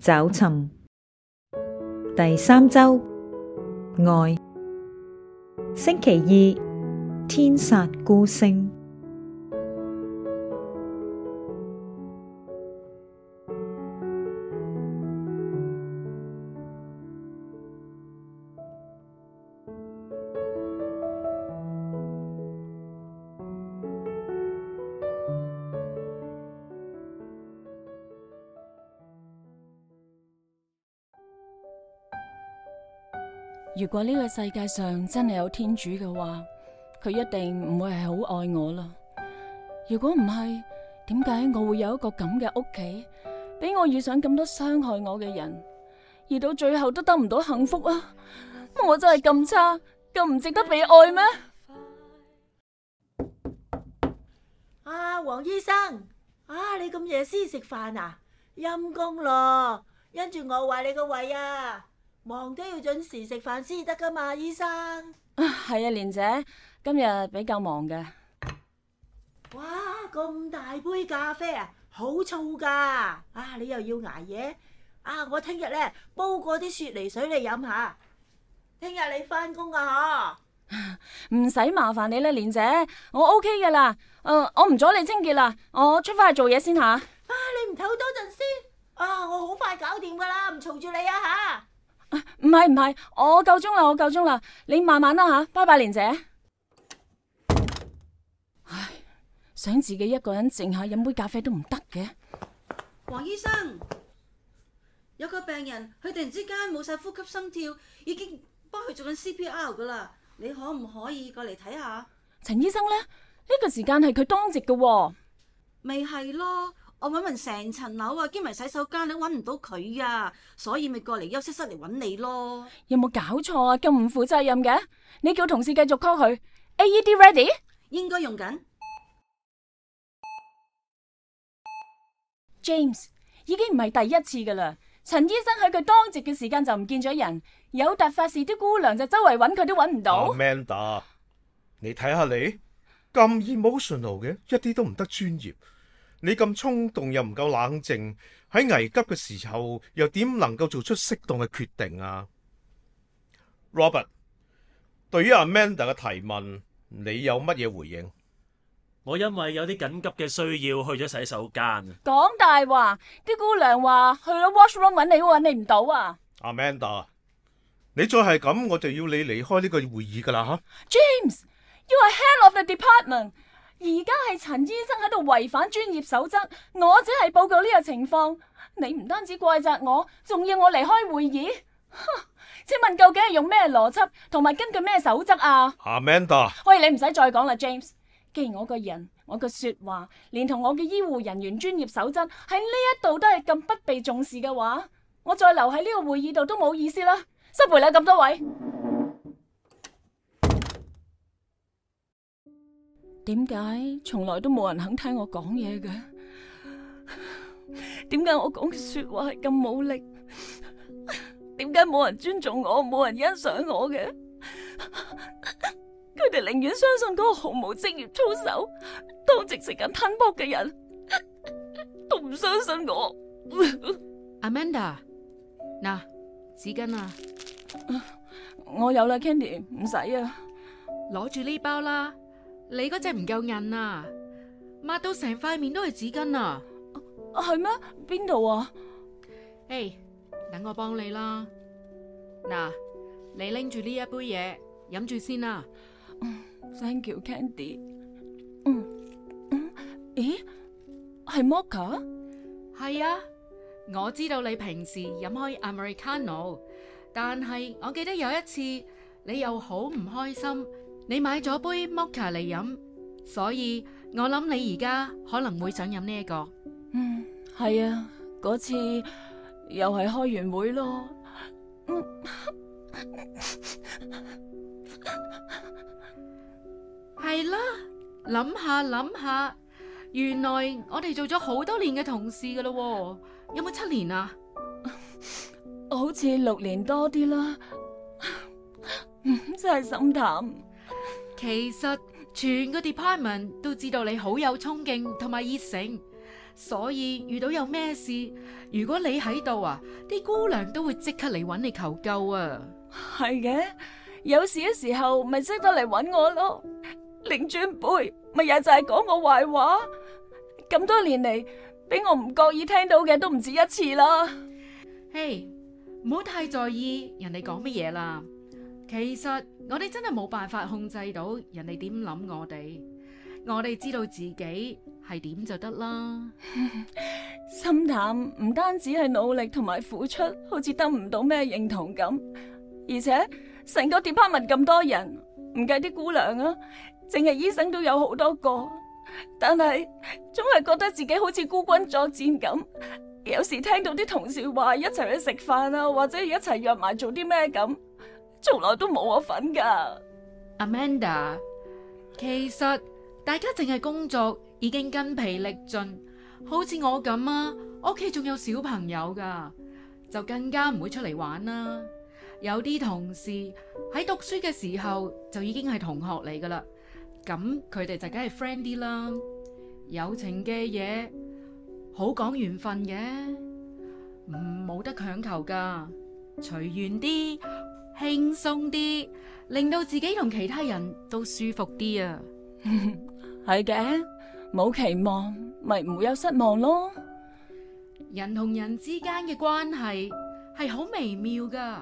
找尋第三周，愛星期二，天煞孤星。如果呢個世界上真係有天主嘅話，佢一定唔會係好愛我啦。如果唔係，點解我會有一個咁嘅屋企，俾我遇上咁多傷害我嘅人，而到最後都得唔到幸福啊？我真係咁差，咁唔值得被愛咩？阿黃醫生，啊你咁夜先食飯啊？陰公咯，因住餓壞你個胃啊！忙都要準時食飯先得噶嘛，醫生。係啊，蓮、啊、姐今日比較忙嘅。哇，咁大杯咖啡啊，好燥噶啊！你又要挨夜？啊？我聽日咧煲過啲雪梨水你飲下。聽日你翻工噶嗬，唔使、啊、麻煩你啦，蓮姐，我 O K 噶啦。誒、呃，我唔阻你清潔啦，我出翻去做嘢先吓。啊，啊你唔唞多陣先啊！我好快搞掂噶啦，唔嘈住你啊吓。唔係唔係，我夠鐘啦，我夠鐘啦，你慢慢啦吓，拜拜，蓮姐。唉，想自己一個人靜下，飲杯咖啡都唔得嘅？黃醫生，有個病人佢突然之間冇晒呼吸心跳，已經幫佢做緊 CPR 㗎喇，你可唔可以過嚟睇下？陳醫生咧，呢個時間係佢當值㗎喎？咪係咯。我搵匀成層樓啊，兼埋洗手間都搵唔到佢啊，所以咪過嚟休息室嚟揾你咯。有冇搞錯啊？咁唔負責任嘅？你叫同事繼續 call 佢。AED you ready？應該用緊。James 已經唔係第一次噶啦，陳醫生喺佢當值嘅時間就唔見咗人，有突發事，啲姑娘就周圍揾佢都揾唔到。Amanda，你睇下你咁 emotional 嘅，一啲都唔得專業。你咁衝動又唔夠冷靜，喺危急嘅時候又點能夠做出適當嘅決定啊？Robert，對於 Amanda 嘅提問，你有乜嘢回應？我因為有啲緊急嘅需要，去咗洗手間。講大話，啲姑娘話去咗 washroom 揾你，揾你唔到啊！Amanda，你再係咁，我就要你離開呢個會議噶啦！哈，James，you are head of the department。而家係陳醫生喺度違反專業守則，我只係報告呢個情況，你唔單止怪責我，仲要我離開會議。哼！請問究竟係用咩邏輯同埋根據咩守則啊？Amanda，喂，你唔使再講啦，James。既然我個人、我嘅說話，連同我嘅醫護人員專業守則喺呢一度都係咁不被重視嘅話，我再留喺呢個會議度都冇意思啦，失陪喇，咁多位。點解從來都冇人肯聽我講嘢嘅？點解我講嘅說話係咁冇力？點解冇人尊重我，冇人欣賞我嘅？佢哋寧願相信嗰個毫無職業操守、當值時間吞泡嘅人，都唔相信我。Amanda，嗱，紙巾啊，我有啦，Candy，唔使啊，攞住呢包啦。你嗰隻唔夠韌啊！抹到成塊面都係紙巾啊！係咩？邊度啊？誒，等、啊 hey, 我幫你啦。嗱、啊，你拎住呢一杯嘢飲住先啦、啊。Thank you, Candy 嗯。嗯嗯，咦？係 Mocha？係啊，我知道你平時飲開 Americano，但係我記得有一次你又好唔開心。你買咗杯 mocha 嚟飲，所以我諗你而家可能會想飲呢一個。嗯，係啊，嗰次又係開完會咯。嗯，係啦，諗下諗下，原來我哋做咗好多年嘅同事噶啦，有冇七年啊？好似六年多啲啦，嗯，真係心淡。其實全個 Department 都知道你好有衝勁同埋熱誠，所以遇到有咩事，如果你喺度啊，啲姑娘都會即刻嚟搵你求救啊。係嘅，有事嘅時候咪識得嚟搵我咯。擰轉背，咪又就係講我壞話，咁多年嚟俾我唔覺意聽到嘅都唔止一次啦。嘿，唔好太在意人哋講乜嘢啦。其實我哋真係冇辦法控制到人哋點諗我哋，我哋知道自己係點就得啦。心 淡唔單止係努力同埋付出，好似得唔到咩認同咁，而且成個 department 咁多人，唔計啲姑娘啊，淨係醫生都有好多個，但係總係覺得自己好似孤軍作戰咁。有時聽到啲同事話一齊去食飯啊，或者一齊約埋做啲咩咁。從來都冇我份噶。Amanda，其實大家淨係工作已經筋疲力盡，好似我咁啊，屋企仲有小朋友噶，就更加唔會出嚟玩啦。有啲同事喺讀書嘅時候就已經係同學嚟噶啦，咁佢哋就梗係 friend 啲啦。友情嘅嘢好講緣分嘅，唔冇得強求噶，隨緣啲。輕鬆啲，令到自己同其他人都舒服啲啊！係嘅，冇期望咪唔會有失望囉。人同人之間嘅關係係好微妙㗎，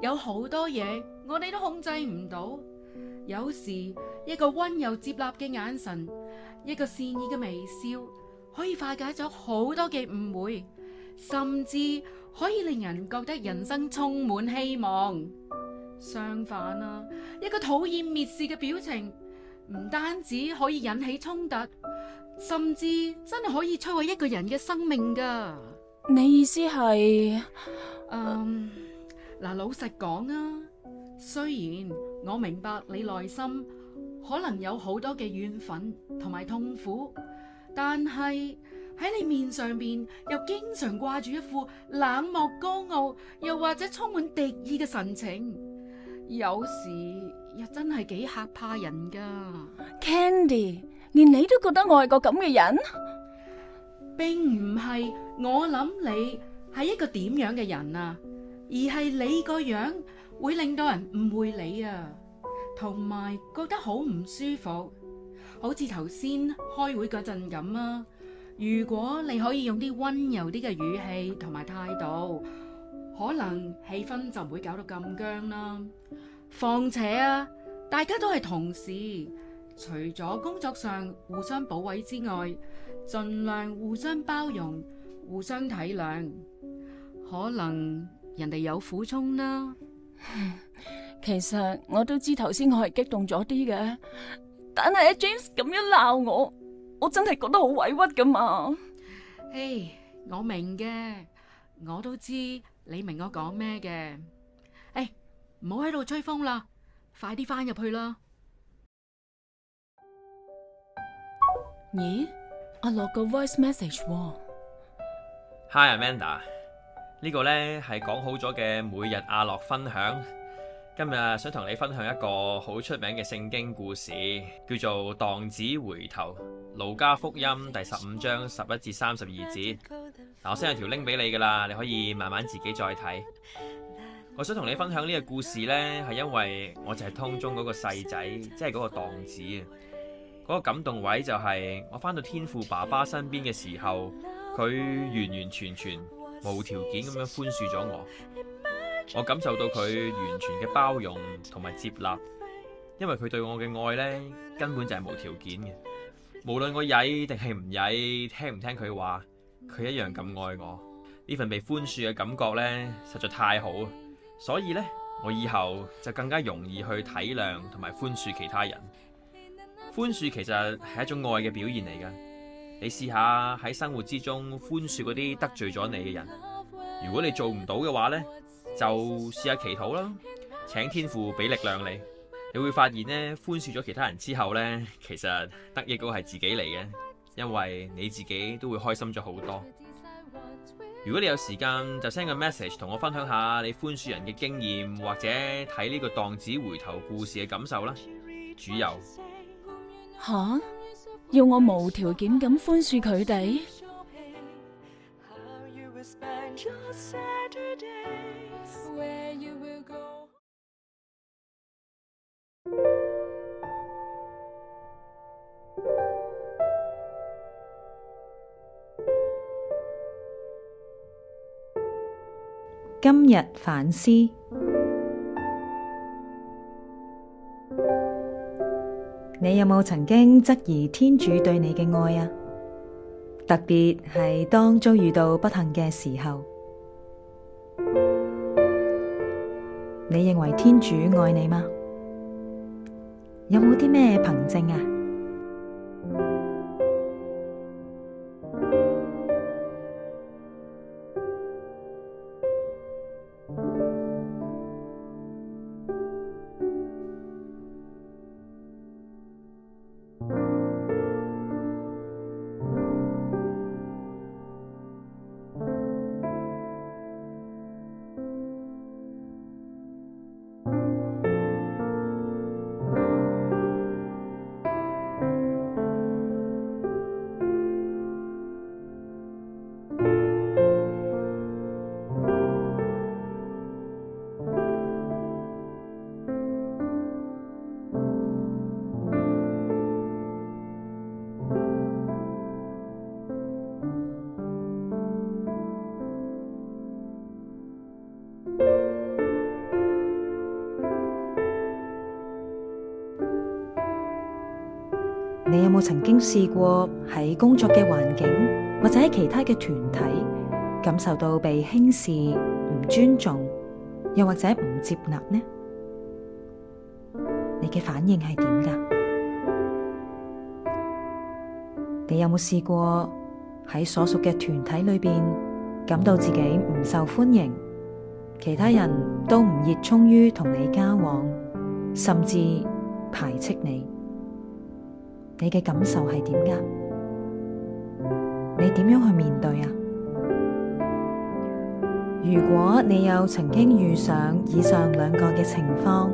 有好多嘢我哋都控制唔到。有時一個溫柔接納嘅眼神，一個善意嘅微笑，可以化解咗好多嘅誤會。甚至可以令人覺得人生充滿希望。相反啦、啊，一個討厭蔑視嘅表情，唔單止可以引起衝突，甚至真係可以摧毀一個人嘅生命㗎。你意思係？嗯，嗱，老實講啊，雖然我明白你內心可能有好多嘅怨憤同埋痛苦，但係。喺你面上邊又經常掛住一副冷漠高傲，又或者充滿敵意嘅神情，有時又真係幾吓怕人噶。Candy，連你都覺得我係個咁嘅人，並唔係我諗你係一個點樣嘅人啊，而係你個樣會令到人誤會你啊，同埋覺得好唔舒服，好似頭先開會嗰陣咁啊。如果你可以用啲溫柔啲嘅語氣同埋態度，可能氣氛就唔會搞到咁僵啦。況且啊，大家都係同事，除咗工作上互相補位之外，盡量互相包容、互相體諒。可能人哋有苦衷啦。其實我都知頭先我係激動咗啲嘅，但係阿 James 咁樣鬧我。我真係覺得好委屈㗎嘛！哎，我明嘅，我都知你明我講咩嘅。哎，唔好喺度吹風啦，快啲翻入去啦。咦？阿樂個 voice message？Hi Amanda，呢個咧係講好咗嘅每日阿樂分享。今日想同你分享一個好出名嘅聖經故事，叫做蕩子回頭。路加福音第十五章十一至三十二節。嗱， 我先有條 link 俾你噶啦，你可以慢慢自己再睇。 我想同你分享呢個故事呢，係因為我就係當中嗰個細仔，即係嗰個蕩子嗰、嗰個感動位就係我翻到天父爸爸身邊嘅時候，佢完完全全無條件咁樣寬恕咗我。我感受到佢完全嘅包容同埋接納，因為佢對我嘅愛咧根本就係無條件嘅，無論我曳定係唔曳，聽唔聽佢話，佢一樣咁愛我。呢份被寬恕嘅感覺咧實在太好，所以咧我以後就更加容易去體諒同埋寬恕其他人。寬恕其實係一種愛嘅表現嚟㗎，你試下喺生活之中寬恕嗰啲得罪咗你嘅人，如果你做唔到嘅話咧。就試下祈禱啦，請天父俾力量你，你會發現呢，寬恕咗其他人之後呢，其實得益嗰個係自己嚟嘅，因為你自己都會開心咗好多。如果你有時間，就 send 個 message 同我分享下你寬恕人嘅經驗，或者睇呢個浪子回頭故事嘅感受啦。主佑，吓、啊、要我無條件咁寬恕佢哋？ 今日反思，你有冇曾經質疑天主對你嘅愛啊？特別係當遭遇到不幸嘅時候，你認為天主愛你嗎？有冇啲咩憑證啊？有冇曾經試過喺工作嘅環境或者喺其他嘅團體感受到被輕視、唔尊重，又或者唔接納呢？你嘅反應係點㗎？你有冇試過喺所屬嘅團體裏邊感到自己唔受歡迎，其他人都唔熱衷於同你交往，甚至排斥你？你嘅感受係點噶你點樣去面對啊？如果你有曾經遇上以上兩個嘅情況，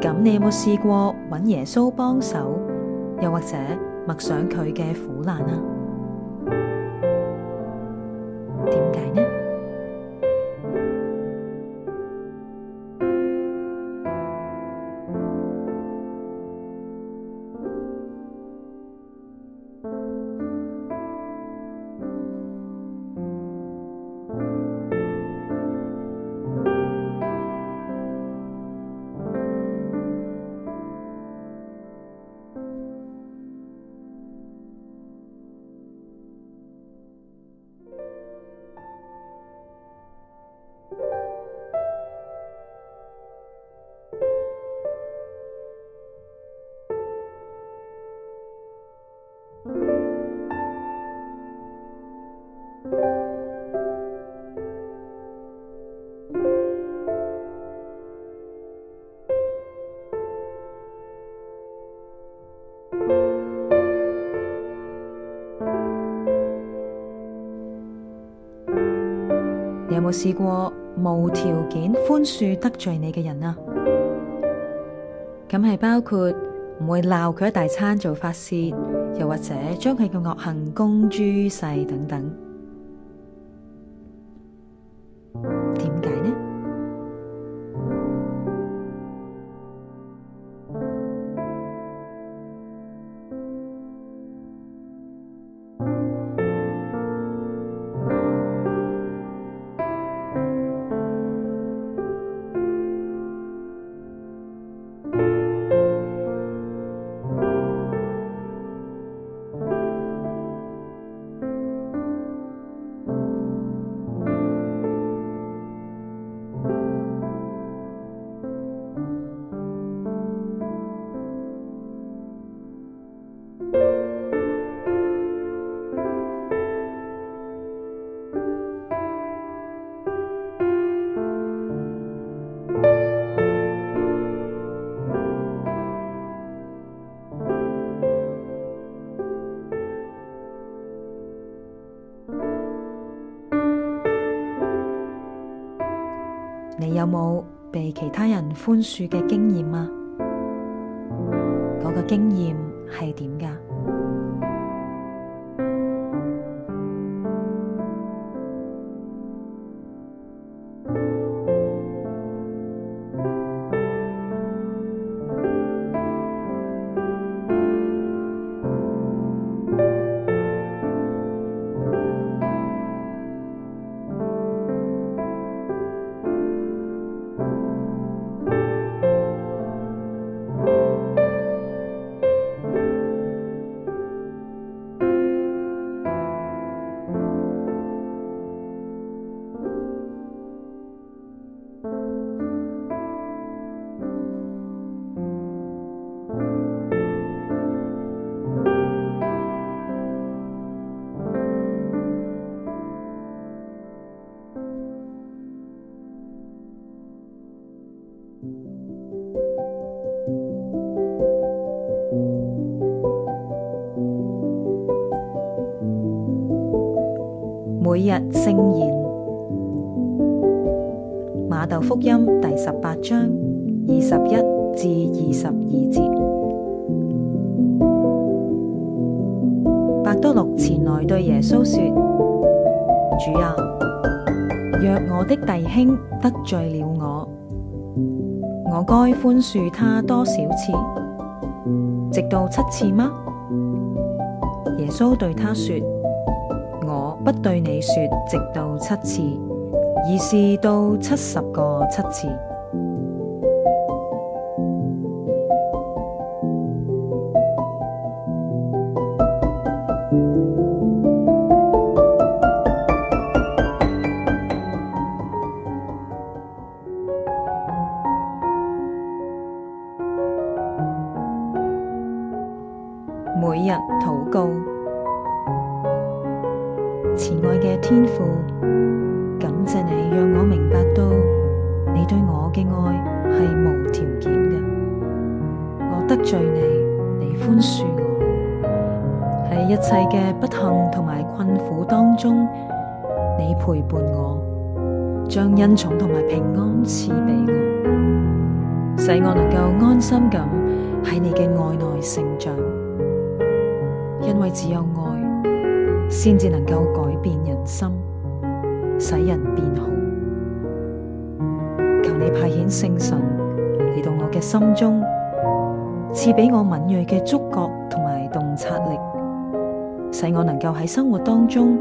咁你有冇試過揾耶穌幫手，又或者默想佢嘅苦難啊？冇試過無條件寬恕得罪你嘅人啊，咁係包括唔會鬧佢一大餐做發洩，又或者將佢嘅惡行公諸於世等等。冇被其他人寬恕嘅經驗啊！嗰個經驗係點㗎？瑪竇福音第十八章二十一至二十二節，伯多禄前來對耶穌說：主啊，若我的弟兄得罪了我，我該寬恕他多少次？直到七次嗎？耶穌對他說：我不對你說，直到七次。而是到七十個七次。困苦當中，你陪伴我，將恩寵同埋平安賜俾我，使我能夠安心咁喺你嘅愛內成長。因為只有愛，先至能夠改變人心，使人變好。求你派遣聖神嚟到我嘅心中，賜俾我敏銳嘅觸覺同埋洞察力。使我能夠喺生活當中，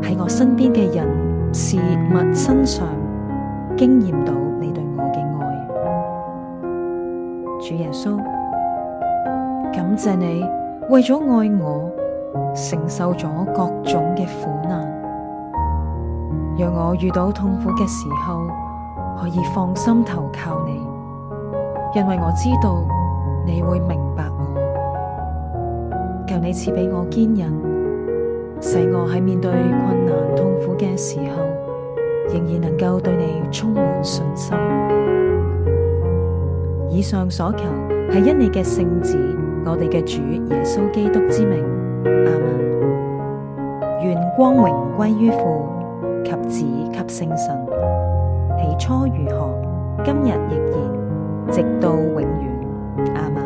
喺我身邊嘅人事物身上，經驗到你對我嘅愛。主耶穌，感謝你為咗愛我，承受咗各種嘅苦難。讓我遇到痛苦嘅時候，可以放心投靠你，因為我知道你會明白。求你賜俾我堅韌，使我喺面對困難、痛苦嘅時候，仍然能夠對你充滿信心。以上所求係因你嘅聖子、我哋嘅主耶穌基督之名，阿門。願光榮歸於父及子及聖神。起初如何，今日亦然，直到永遠，阿門。